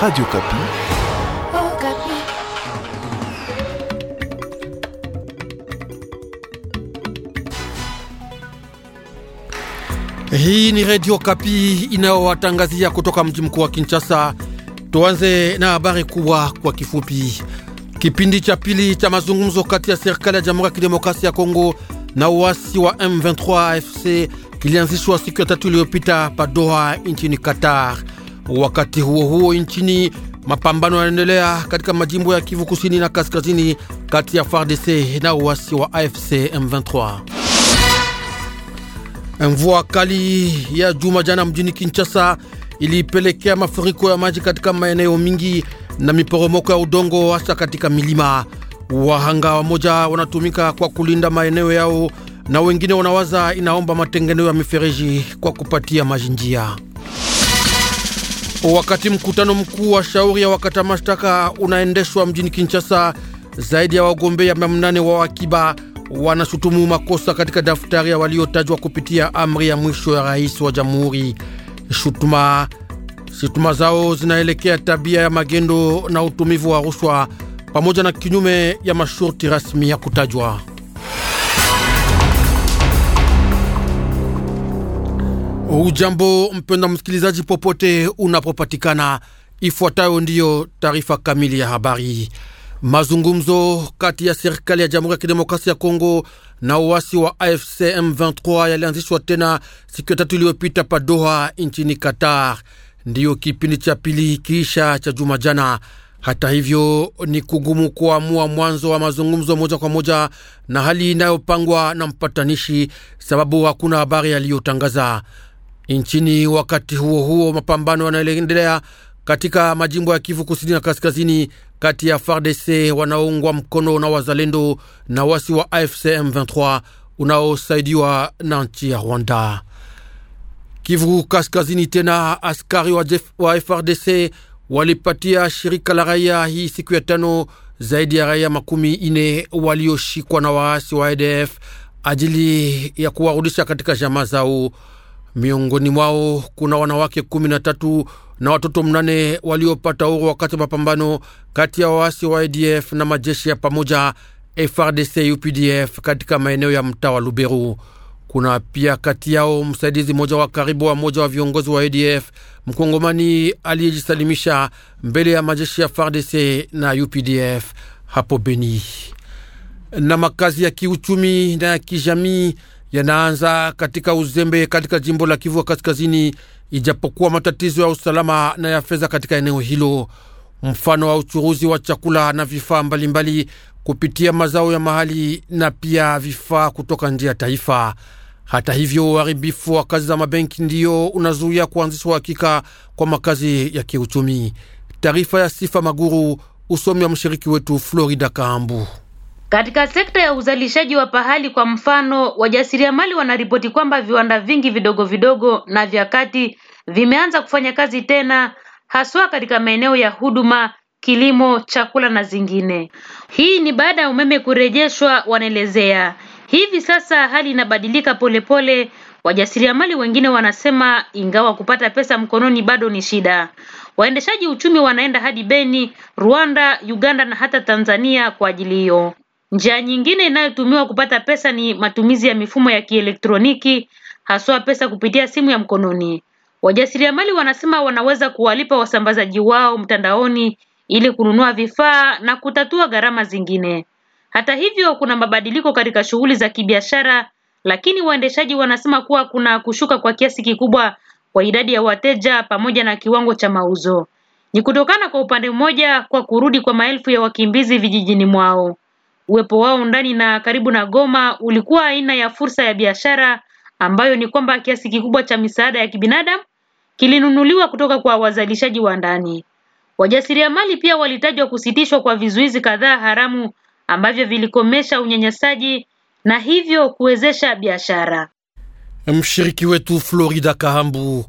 Radio Kapi. Oh, Kapi. Hii ni Radio Kapi inayowatangazia kutoka mji mkuu wa Kinshasa. Tuanze na habari kubwa kwa kifupi. Kipindi cha pili cha mazungumzo kati ya serikali ya Jamhuri ya Kidemokrasia ya Kongo na uasi wa M23 AFC kilianzishwa siku ya tatu iliyopita pa Doha nchini Qatar. Wakati huo huo, nchini mapambano yanaendelea katika majimbo ya Kivu kusini na kaskazini kati ya FARDC na uasi wa AFC M23. Mvua kali ya juma jana mjini Kinshasa ilipelekea mafuriko ya maji katika maeneo mingi na miporomoko ya udongo hasa katika milima. Wahanga wamoja wanatumika kwa kulinda maeneo yao na wengine wanawaza inaomba matengenezo ya mifereji kwa kupatia maji njia. Wakati mkutano mkuu wa shauri ya wakata mashtaka unaendeshwa mjini Kinshasa, zaidi ya wagombea mia nane wa akiba wanashutumu makosa katika daftari ya waliotajwa kupitia amri ya mwisho ya rais wa jamhuri. Shutuma shutuma zao zinaelekea tabia ya magendo na utumivu wa rushwa pamoja na kinyume ya masharti rasmi ya kutajwa. Ujambo mpenda msikilizaji, popote unapopatikana, ifuatayo ndiyo taarifa kamili ya habari. Mazungumzo kati ya serikali ya Jamhuri ya Kidemokrasia ya Kongo na uasi wa AFC M23 yalianzishwa tena siku ya tatu iliyopita pa Doha nchini Qatar, ndiyo kipindi cha pili kiisha cha juma jana. Hata hivyo ni kugumu kuamua mwanzo wa mazungumzo moja kwa moja na hali inayopangwa na mpatanishi, sababu hakuna habari yaliyotangaza nchini. wakati huo huo, mapambano yanaendelea katika majimbo ya Kivu kusini na kaskazini kati ya FARDC wanaoungwa mkono na wazalendo na wasi wa AFC M23 unaosaidiwa na nchi ya Rwanda. Kivu kaskazini tena, askari wa, Jeff, wa FRDC walipatia shirika la raia hii siku ya tano zaidi ya raia makumi ine walioshikwa na waasi wa ADF ajili ya kuwarudisha katika jamaa zao. Miongoni mwao kuna wanawake kumi na tatu na watoto mnane waliopata uhuru wakati wa mapambano kati ya waasi wa ADF na majeshi ya pamoja FRDC UPDF katika maeneo ya mtaa wa Luberu. Kuna pia kati yao msaidizi mmoja wa karibu wa mmoja wa viongozi wa ADF mkongomani aliyejisalimisha mbele ya majeshi ya frdc na UPDF hapo Beni. Na makazi ya kiuchumi na ya kijamii yanaanza katika uzembe katika jimbo la Kivu Kaskazini, ijapokuwa matatizo ya usalama na ya fedha katika eneo hilo, mfano wa uchuruzi wa chakula na vifaa mbalimbali kupitia mazao ya mahali na pia vifaa kutoka nje ya taifa. Hata hivyo, uharibifu wa kazi za mabenki ndiyo unazuia kuanzishwa uhakika kwa makazi ya kiuchumi. Taarifa ya Sifa Maguru, usomi wa mshiriki wetu Florida Kaambu. Katika sekta ya uzalishaji wa pahali kwa mfano, wajasiriamali wanaripoti kwamba viwanda vingi vidogo vidogo na vya kati vimeanza kufanya kazi tena haswa katika maeneo ya huduma, kilimo, chakula na zingine. Hii ni baada ya umeme kurejeshwa, wanaelezea. Hivi sasa hali inabadilika polepole. Wajasiriamali wengine wanasema ingawa kupata pesa mkononi bado ni shida. Waendeshaji uchumi wanaenda hadi Beni, Rwanda, Uganda na hata Tanzania kwa ajili hiyo. Njia nyingine inayotumiwa kupata pesa ni matumizi ya mifumo ya kielektroniki haswa pesa kupitia simu ya mkononi. Wajasiriamali wanasema wanaweza kuwalipa wasambazaji wao mtandaoni ili kununua vifaa na kutatua gharama zingine. Hata hivyo, kuna mabadiliko katika shughuli za kibiashara, lakini waendeshaji wanasema kuwa kuna kushuka kwa kiasi kikubwa kwa idadi ya wateja pamoja na kiwango cha mauzo. Ni kutokana kwa upande mmoja kwa kurudi kwa maelfu ya wakimbizi vijijini mwao. Uwepo wao ndani na karibu na Goma ulikuwa aina ya fursa ya biashara ambayo ni kwamba kiasi kikubwa cha misaada ya kibinadamu kilinunuliwa kutoka kwa wazalishaji wa ndani. Wajasiriamali pia walitajwa kusitishwa kwa vizuizi kadhaa haramu ambavyo vilikomesha unyanyasaji na hivyo kuwezesha biashara. Mshiriki wetu Florida Kahambu.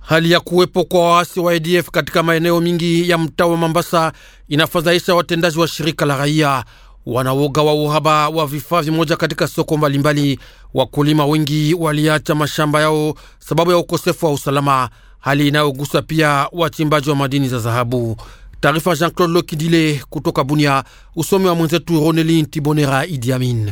Hali ya kuwepo kwa waasi wa ADF katika maeneo mingi ya mtaa wa Mambasa inafadhaisha watendaji wa shirika la raia wanawoga wa uhaba wa vifaa vimoja katika soko mbalimbali. Wakulima wengi waliacha mashamba yao sababu ya ukosefu wa usalama, hali inayogusa pia wachimbaji wa madini za dhahabu. Taarifa Jean-Claude Lokidile kutoka Bunia, usomi wa mwenzetu roneli Tibonera Idi Amin.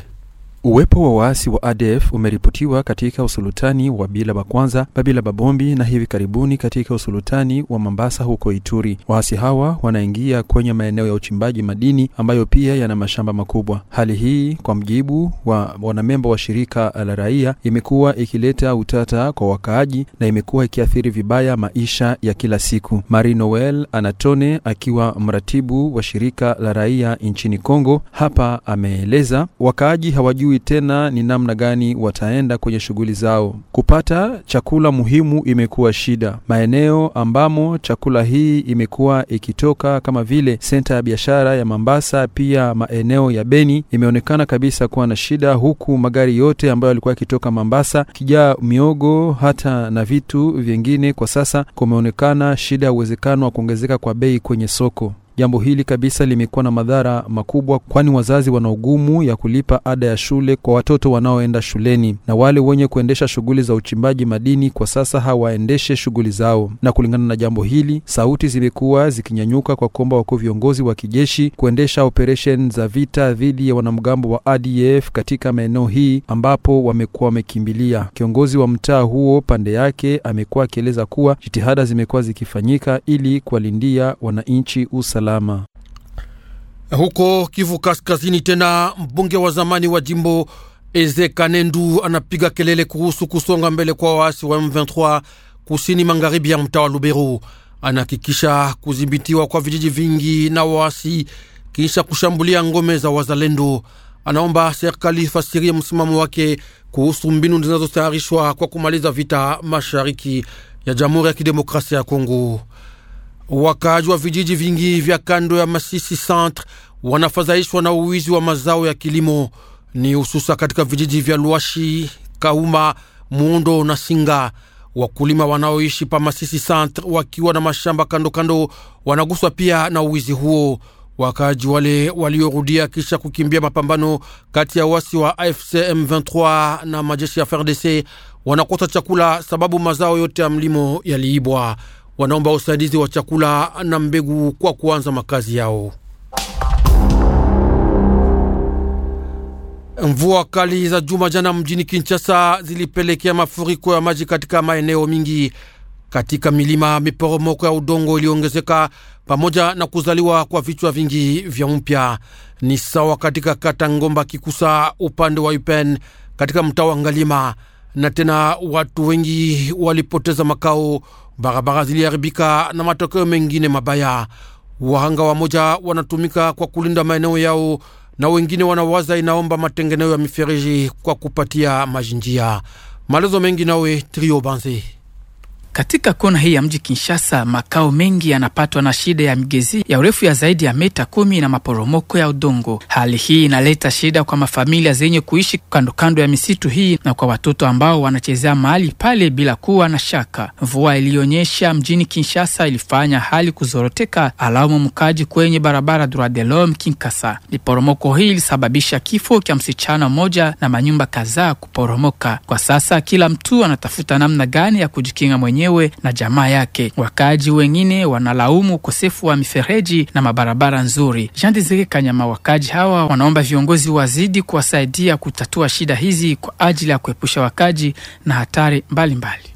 Uwepo wa waasi wa ADF umeripotiwa katika usulutani wa bila Kwanza, Babila Babombi na hivi karibuni katika usulutani wa Mambasa huko Ituri. Waasi hawa wanaingia kwenye maeneo ya uchimbaji madini ambayo pia yana mashamba makubwa. Hali hii, kwa mjibu wa wanamemba wa shirika la raia, imekuwa ikileta utata kwa wakaaji na imekuwa ikiathiri vibaya maisha ya kila siku. Marie Noel Anatone akiwa mratibu wa shirika la raia nchini Kongo hapa ameeleza wakaaji hawajui hawajui tena ni namna gani wataenda kwenye shughuli zao. Kupata chakula muhimu imekuwa shida. Maeneo ambamo chakula hii imekuwa ikitoka kama vile senta ya biashara ya mambasa pia maeneo ya Beni imeonekana kabisa kuwa na shida, huku magari yote ambayo yalikuwa yakitoka mambasa kijaa miogo hata na vitu vingine. Kwa sasa kumeonekana shida ya uwezekano wa kuongezeka kwa bei kwenye soko. Jambo hili kabisa limekuwa na madhara makubwa, kwani wazazi wana ugumu ya kulipa ada ya shule kwa watoto wanaoenda shuleni, na wale wenye kuendesha shughuli za uchimbaji madini kwa sasa hawaendeshe shughuli zao. Na kulingana na jambo hili, sauti zimekuwa zikinyanyuka kwa kuomba wakuu viongozi wa kijeshi kuendesha operesheni za vita dhidi ya wanamgambo wa ADF katika maeneo hii ambapo wamekuwa wamekimbilia. Kiongozi wa mtaa huo pande yake amekuwa akieleza kuwa jitihada zimekuwa zikifanyika ili kuwalindia wananchi usalama usalama. Huko Kivu Kaskazini, tena mbunge wa zamani wa jimbo Eze Kanendu anapiga kelele kuhusu kusonga mbele kwa waasi wa M23 kusini magharibi ya mtaa wa Luberu. Anahakikisha kudhibitiwa kwa vijiji vingi na waasi kisha kushambulia ngome za wazalendo. Anaomba serikali ifasirie msimamo wake kuhusu mbinu zinazotayarishwa kwa kumaliza vita mashariki ya Jamhuri ya Kidemokrasia ya Kongo. Wakaaji wa vijiji vingi vya kando ya Masisi centre wanafadhaishwa na uwizi wa mazao ya kilimo, ni hususa katika vijiji vya Luashi, Kauma, Muundo na Singa. Wakulima wanaoishi pa Masisi centre wakiwa na mashamba kandokando wanaguswa pia na uwizi huo. Wakaaji wale waliorudia kisha kukimbia mapambano kati ya wasi wa AFC M23 na majeshi ya FARDC wanakosa chakula, sababu mazao yote ya mlimo yaliibwa wanaomba usaidizi wa chakula na mbegu kwa kuanza makazi yao. Mvua kali za juma jana mjini Kinshasa zilipelekea mafuriko ya maji katika maeneo mingi katika milima. Miporomoko ya udongo iliongezeka pamoja na kuzaliwa kwa vichwa vingi vya mpya, ni sawa katika kata Ngomba Kikusa upande wa Upen katika mtaa wa Ngalima, na tena watu wengi walipoteza makao barabara ziliharibika na matokeo mengine mabaya. Wahanga wa moja wanatumika kwa kulinda maeneo yao na wengine wanawaza inaomba matengenezo ya mifereji kwa kupatia majinjia. Malezo mengi nawe Trio Banze. Katika kona hii ya mji Kinshasa, makao mengi yanapatwa na shida ya migezi ya urefu ya zaidi ya meta kumi na maporomoko ya udongo. Hali hii inaleta shida kwa mafamilia zenye kuishi kando kando ya misitu hii na kwa watoto ambao wanachezea mahali pale bila kuwa na shaka. Mvua iliyonyesha mjini Kinshasa ilifanya hali kuzoroteka, alamu mkaji kwenye barabara Droit de l'Homme Kinkasa. Miporomoko hii ilisababisha kifo cha msichana mmoja na manyumba kadhaa kuporomoka. Kwa sasa kila mtu anatafuta namna gani ya kujikinga mwenyewe mwenyewe na jamaa yake. Wakaaji wengine wanalaumu ukosefu wa mifereji na mabarabara nzuri. Jean Desire Kanyama, wakaaji hawa wanaomba viongozi wazidi kuwasaidia kutatua shida hizi kwa ajili ya kuepusha wakaaji na hatari mbalimbali mbali.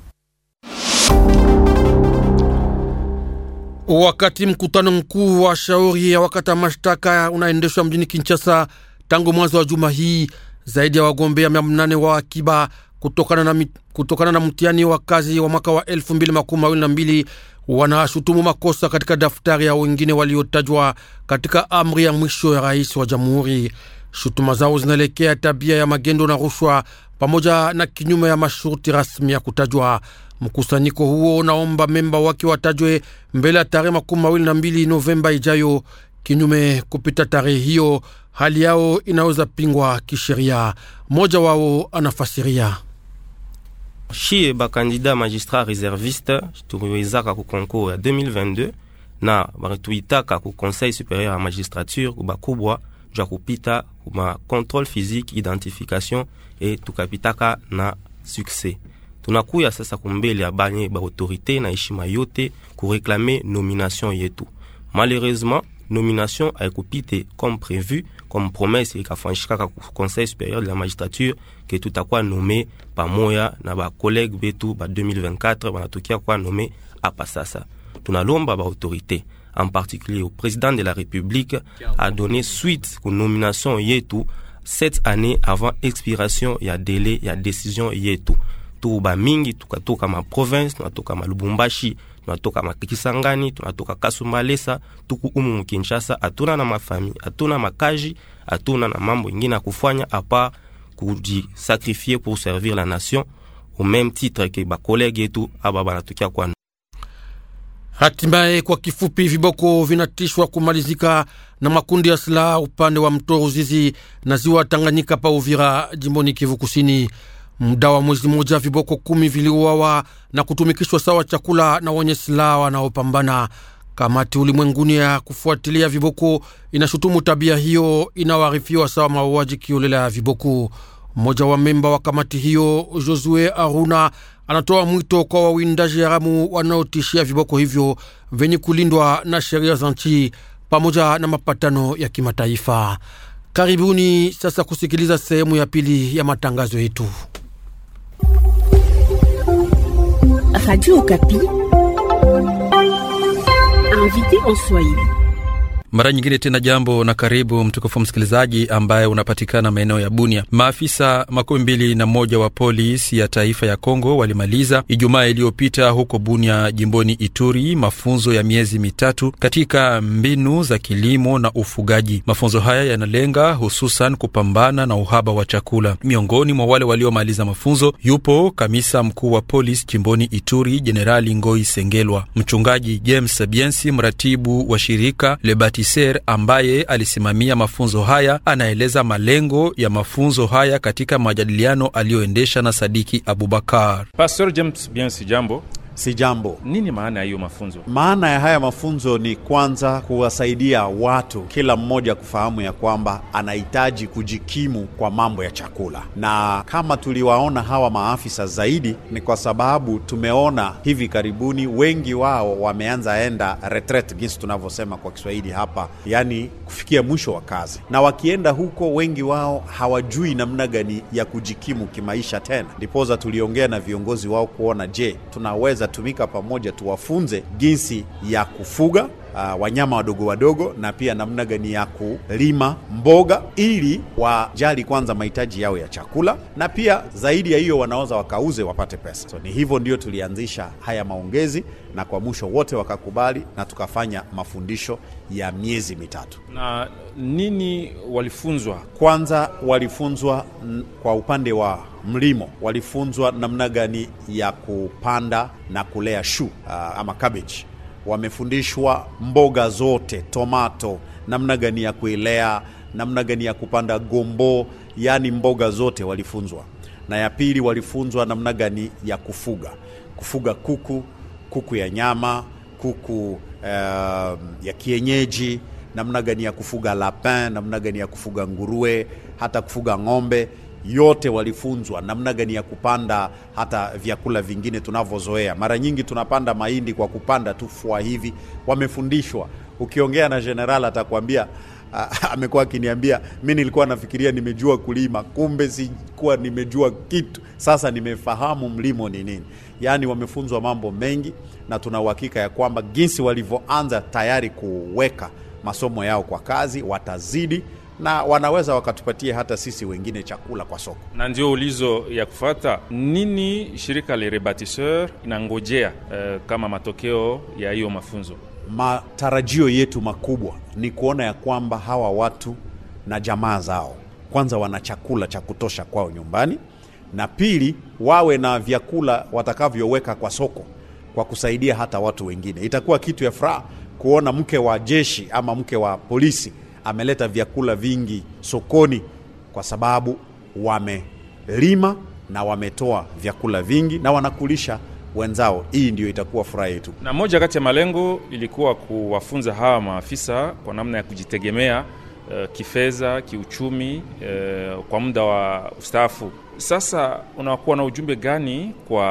Wakati mkutano mkuu wa shauri ya wakata mashtaka unaendeshwa mjini Kinshasa tangu mwanzo wa juma hii, zaidi ya wagombea mia nane wa akiba kutokana na, kutokana na mtihani wa kazi wa mwaka wa 2022 wanashutumu makosa katika daftari ya wengine waliotajwa katika amri ya mwisho ya rais wa jamhuri. Shutuma zao zinaelekea tabia ya magendo na rushwa pamoja na kinyume ya masharti rasmi ya kutajwa. Mkusanyiko huo unaomba memba wake watajwe mbele ya tarehe makumi mawili na mbili Novemba ijayo. Kinyume kupita tarehe hiyo, hali yao inaweza pingwa kisheria. Mmoja wao anafasiria ba candidat magistrat réserviste tuwezaka ku concours ya 2022 na batuitaka ku conseil supérieur à magistrature bakubwa ja kupita ma contrôle physique identification et e tukapitaka na succès tunakuya sasa kumbele ya banye ba autorité na heshima yote réclamer nomination yetu malheureusement nomination haikupite comme prévu comme qu'a franchi le conseil supérieur de la magistrature tout quoi nommé par Moya, na collègue betu ba 2024 à Passassa. Tout apa sasa ba l'autorité, en particulier au président de la république a donné suite aux nominations cette années avant expiration ya délai ya décision yetu ka, tout ka ma province tunatoka ma lubumbashi tunatoka Makisangani, tunatoka Kasumbalesa, tuku umu Mukinshasa, hatuna na mafami, hatuna makaji, hatuna na mambo ingine ya kufanya apa kujisakrifie pour servir la nation au meme titre ke bakolege yetu aba banatokea kwanu. Hatimaye, kwa kifupi, viboko vinatishwa kumalizika na makundi ya silaha upande wa mto Ruzizi na ziwa Tanganyika pa Uvira, jimboni Kivu Kusini. Muda wa mwezi mmoja viboko kumi viliuawa na kutumikishwa sawa chakula na wenye silaha wanaopambana. Kamati ulimwenguni ya kufuatilia viboko inashutumu tabia hiyo inayoarifiwa sawa mauaji kiolela ya viboko. Mmoja wa memba wa kamati hiyo Josue Aruna anatoa mwito kwa wawindaji haramu wanaotishia viboko hivyo vyenye kulindwa na sheria za nchi pamoja na mapatano ya kimataifa. Karibuni sasa kusikiliza sehemu ya pili ya matangazo yetu. Radio Okapi, invité en Swahili. Mara nyingine tena jambo na karibu mtukufu msikilizaji ambaye unapatikana maeneo ya Bunia. Maafisa makumi mbili na moja wa polisi ya taifa ya Kongo walimaliza Ijumaa iliyopita huko Bunia, jimboni Ituri, mafunzo ya miezi mitatu katika mbinu za kilimo na ufugaji. Mafunzo haya yanalenga hususan kupambana na uhaba wa chakula. Miongoni mwa wale waliomaliza mafunzo yupo kamisa mkuu wa polisi jimboni Ituri, Jenerali Ngoi Sengelwa, mchungaji James Sabiensi, mratibu wa shirika Lebati Kiser ambaye alisimamia mafunzo haya anaeleza malengo ya mafunzo haya katika majadiliano aliyoendesha na Sadiki Abubakar. Pastor James Biensi, jambo si jambo. Nini maana ya hiyo mafunzo? Maana ya haya mafunzo ni kwanza kuwasaidia watu, kila mmoja kufahamu ya kwamba anahitaji kujikimu kwa mambo ya chakula, na kama tuliwaona hawa maafisa zaidi ni kwa sababu tumeona hivi karibuni wengi wao wameanza enda retret, jinsi tunavyosema kwa Kiswahili hapa, yaani kufikia mwisho wa kazi, na wakienda huko wengi wao hawajui namna gani ya kujikimu kimaisha tena. Ndipoza tuliongea na viongozi wao kuona, je, tunaweza tunatumika pamoja, tuwafunze jinsi ya kufuga uh, wanyama wadogo wadogo na pia namna gani ya kulima mboga ili wajali kwanza mahitaji yao ya chakula, na pia zaidi ya hiyo wanaweza wakauze wapate pesa. So ni hivyo ndio tulianzisha haya maongezi, na kwa mwisho wote wakakubali na tukafanya mafundisho ya miezi mitatu. Na nini walifunzwa? Kwanza walifunzwa kwa upande wa mlimo walifunzwa namna gani ya kupanda na kulea shu uh, ama cabbage wamefundishwa mboga zote, tomato, namna gani ya kuilea, namna gani ya kupanda gombo, yaani mboga zote walifunzwa. Na ya pili walifunzwa namna gani ya kufuga, kufuga kuku, kuku ya nyama, kuku uh, ya kienyeji, namna gani ya kufuga lapin, namna gani ya kufuga nguruwe, hata kufuga ng'ombe yote walifunzwa namna gani ya kupanda hata vyakula vingine tunavyozoea. Mara nyingi tunapanda mahindi kwa kupanda tu fua hivi, wamefundishwa. Ukiongea na general atakwambia amekuwa akiniambia mi nilikuwa nafikiria nimejua kulima, kumbe sikuwa nimejua kitu. Sasa nimefahamu mlimo ni nini. Yaani wamefunzwa mambo mengi, na tuna uhakika ya kwamba jinsi walivyoanza tayari kuweka masomo yao kwa kazi watazidi na wanaweza wakatupatia hata sisi wengine chakula kwa soko. Na ndio ulizo ya kufata, nini shirika Le Rebatisseur inangojea uh, kama matokeo ya hiyo mafunzo? Matarajio yetu makubwa ni kuona ya kwamba hawa watu na jamaa zao kwanza wana chakula cha kutosha kwao nyumbani, na pili wawe na vyakula watakavyoweka kwa soko kwa kusaidia hata watu wengine. Itakuwa kitu ya furaha kuona mke wa jeshi ama mke wa polisi ameleta vyakula vingi sokoni kwa sababu wamelima na wametoa vyakula vingi na wanakulisha wenzao. Hii ndio itakuwa furaha yetu. Na moja kati ya malengo ilikuwa kuwafunza hawa maafisa kwa namna ya kujitegemea uh, kifedha, kiuchumi uh, kwa muda wa ustaafu. Sasa unakuwa na ujumbe gani kwa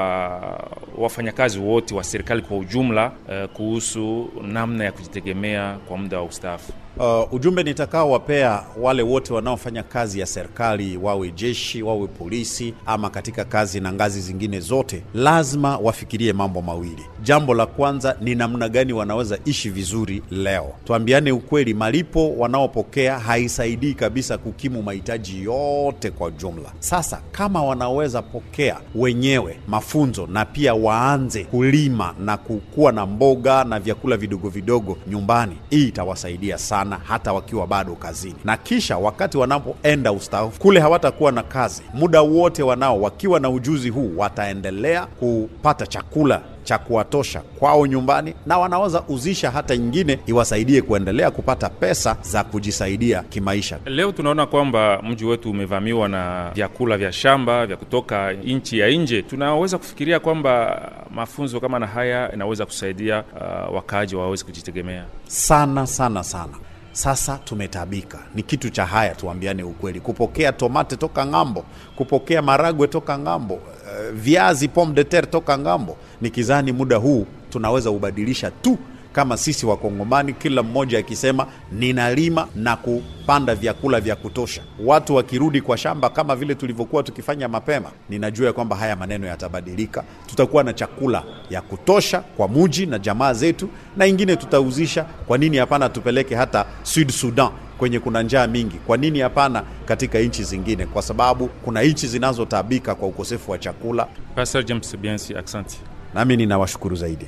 wafanyakazi wote wa serikali kwa ujumla uh, kuhusu namna ya kujitegemea kwa muda wa ustaafu? Uh, ujumbe nitakaowapea wale wote wanaofanya kazi ya serikali, wawe jeshi, wawe polisi, ama katika kazi na ngazi zingine zote, lazima wafikirie mambo mawili. Jambo la kwanza ni namna gani wanaweza ishi vizuri leo. Tuambiane ukweli, malipo wanaopokea haisaidii kabisa kukimu mahitaji yote kwa jumla. Sasa kama wanaweza pokea wenyewe mafunzo na pia waanze kulima na kukuwa na mboga na vyakula vidogo vidogo nyumbani, hii itawasaidia sana sana hata wakiwa bado kazini, na kisha wakati wanapoenda ustaafu kule hawatakuwa na kazi muda wote wanao. Wakiwa na ujuzi huu, wataendelea kupata chakula cha kuwatosha kwao nyumbani, na wanaweza uzisha hata nyingine iwasaidie kuendelea kupata pesa za kujisaidia kimaisha. Leo tunaona kwamba mji wetu umevamiwa na vyakula vya shamba vya kutoka nchi ya nje. Tunaweza kufikiria kwamba mafunzo kama na haya inaweza kusaidia uh, wakaaji waweze kujitegemea sana sana sana. Sasa tumetabika, ni kitu cha haya, tuambiane ukweli. Kupokea tomate toka ng'ambo, kupokea maragwe toka ng'ambo, uh, viazi, pomdeter de toka ng'ambo, nikizani muda huu tunaweza ubadilisha tu kama sisi Wakongomani, kila mmoja akisema ninalima na kupanda vyakula vya kutosha, watu wakirudi kwa shamba kama vile tulivyokuwa tukifanya mapema, ninajua ya kwamba haya maneno yatabadilika. Tutakuwa na chakula ya kutosha kwa muji na jamaa zetu, na ingine tutauzisha. Kwa nini hapana? Tupeleke hata Sud Sudan kwenye kuna njaa mingi. Kwa nini hapana? Katika nchi zingine, kwa sababu kuna nchi zinazotabika kwa ukosefu wa chakula. Pastor James Biansi, asante. Nami ninawashukuru zaidi.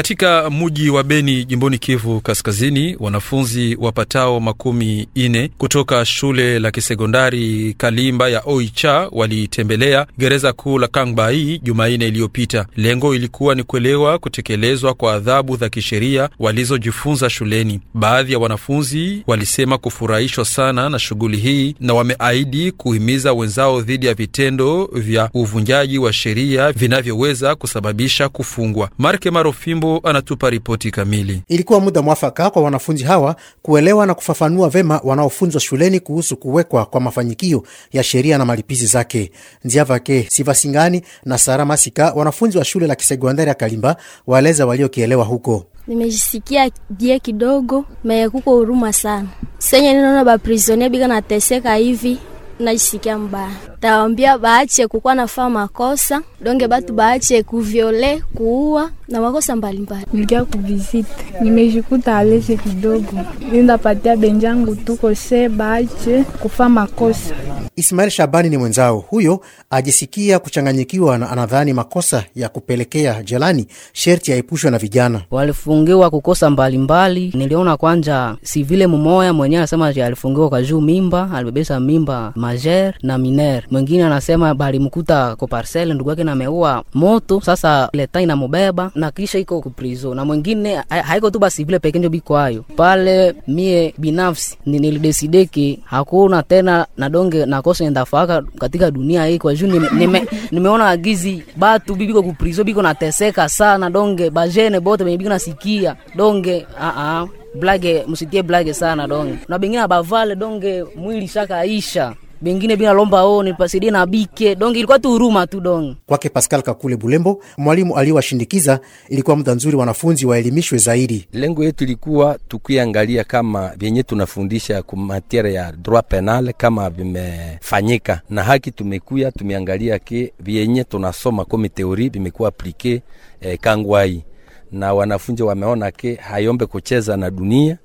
Katika mji wa Beni jimboni Kivu Kaskazini, wanafunzi wapatao makumi ine kutoka shule la kisekondari Kalimba ya Oicha walitembelea gereza kuu la Kangbai Jumanne iliyopita. Lengo ilikuwa ni kuelewa kutekelezwa kwa adhabu za kisheria walizojifunza shuleni. Baadhi ya wanafunzi walisema kufurahishwa sana na shughuli hii na wameahidi kuhimiza wenzao dhidi ya vitendo vya uvunjaji wa sheria vinavyoweza kusababisha kufungwa. Marke Marofimbo anatupa ripoti kamili. Ilikuwa muda mwafaka kwa wanafunzi hawa kuelewa na kufafanua vema wanaofunzwa shuleni kuhusu kuwekwa kwa mafanyikio ya sheria na malipizi zake. Nziavake Sivasingani na Sara Masika, wanafunzi wa shule la kisekondari ya Kalimba, waeleza waliokielewa huko. Nimejisikia bie kidogo mekuko huruma sana senye ninaona baprisonia bika nateseka hivi, najisikia mbaya tawambia baache kukuwa nafaa makosa donge batu baache kuviole kuua na makosa mbalimbali. Nilikia kuvisite nimejikuta alese kidogo, nindapatia benjangu tuko se baache kufaa makosa. ismael Shabani ni mwenzao huyo, ajisikia kuchanganyikiwa na anadhani makosa ya kupelekea jelani sherti yaepushwe na vijana walifungiwa kukosa mbalimbali mbali. Niliona kwanja si vile mumoya mwenyewe anasema alifungiwa kwa juu mimba, alibebesa mimba majer na miner Mwingine anasema balimkuta ko parcel ndugu yake nameua moto, sasa leta inamubeba na kisha iko ku prison. Na mwingine haiko tu basi vile peke ndio biko hayo pale. Mie binafsi nilidesideki hakuna tena na donge nadonge nakosa endafaka katika dunia hii kwa juu nime, nimeona agizi batu bibiko ku prison biko nateseka sana donge bajene bote benye biko nasikia donge a uh a -uh. blage musitie blage sana donge na bengine abavale donge mwili shaka aisha bengine bina lomba o oh, pasidi na bike donge, ilikuwa tu huruma tu donge kwake. Pascal Kakule Bulembo, mwalimu aliyewashindikiza, ilikuwa muda nzuri wanafunzi waelimishwe zaidi. Lengo yetu ilikuwa tukiangalia kama vyenye tunafundisha ku ya droit penal kama vimefanyika na haki, tumekuya tumeangalia ke vyenye tunasoma komi teori vimekuwa aplike eh, kangwai na wanafunzi wameona ke hayombe kucheza na dunia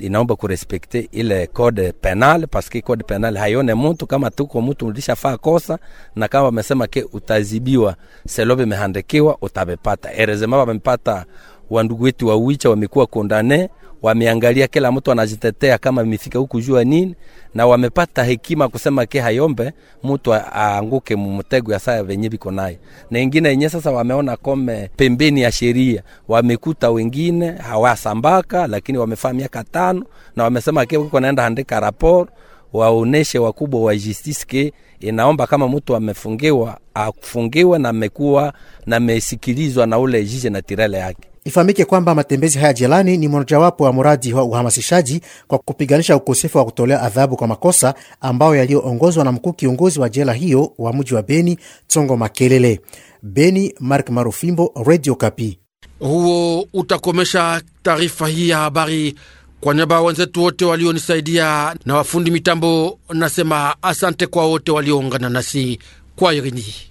inaomba kurespekte ile code penal paske code penal haione mtu kama tuko mtu faa kosa, na kama wamesema ke utazibiwa selobe mehandikiwa utabepata erezema. Wamepata wandugu wetu wawicha wamekuwa kondane wameangalia kila mtu anajitetea kama mifika huku jua nini, na wamepata hekima kusema ke hayombe mtu aanguke mumtego ya saa venye biko naye. Na ingine yenye sasa wameona kome pembeni ya sheria, wamekuta wengine hawasambaka, lakini wamefaa miaka tano, na wamesema ke wako naenda andika rapor waoneshe wakubwa wa justice ke inaomba kama mtu amefungiwa afungiwe na amekuwa na amesikilizwa na ule jiji na tirele yake Ifahamike kwamba matembezi haya jelani ni mojawapo wa mradi wa uhamasishaji kwa kupiganisha ukosefu wa kutolea adhabu kwa makosa ambayo yaliyoongozwa na mkuu kiongozi wa jela hiyo wa mji wa Beni, Tsongo Makelele. Beni, Mark Marufimbo, Radio Kapi. Huo utakomesha taarifa hii ya habari. Kwa niaba ya wenzetu wote walionisaidia na wafundi mitambo, nasema asante kwa wote walioungana nasi kwa irini.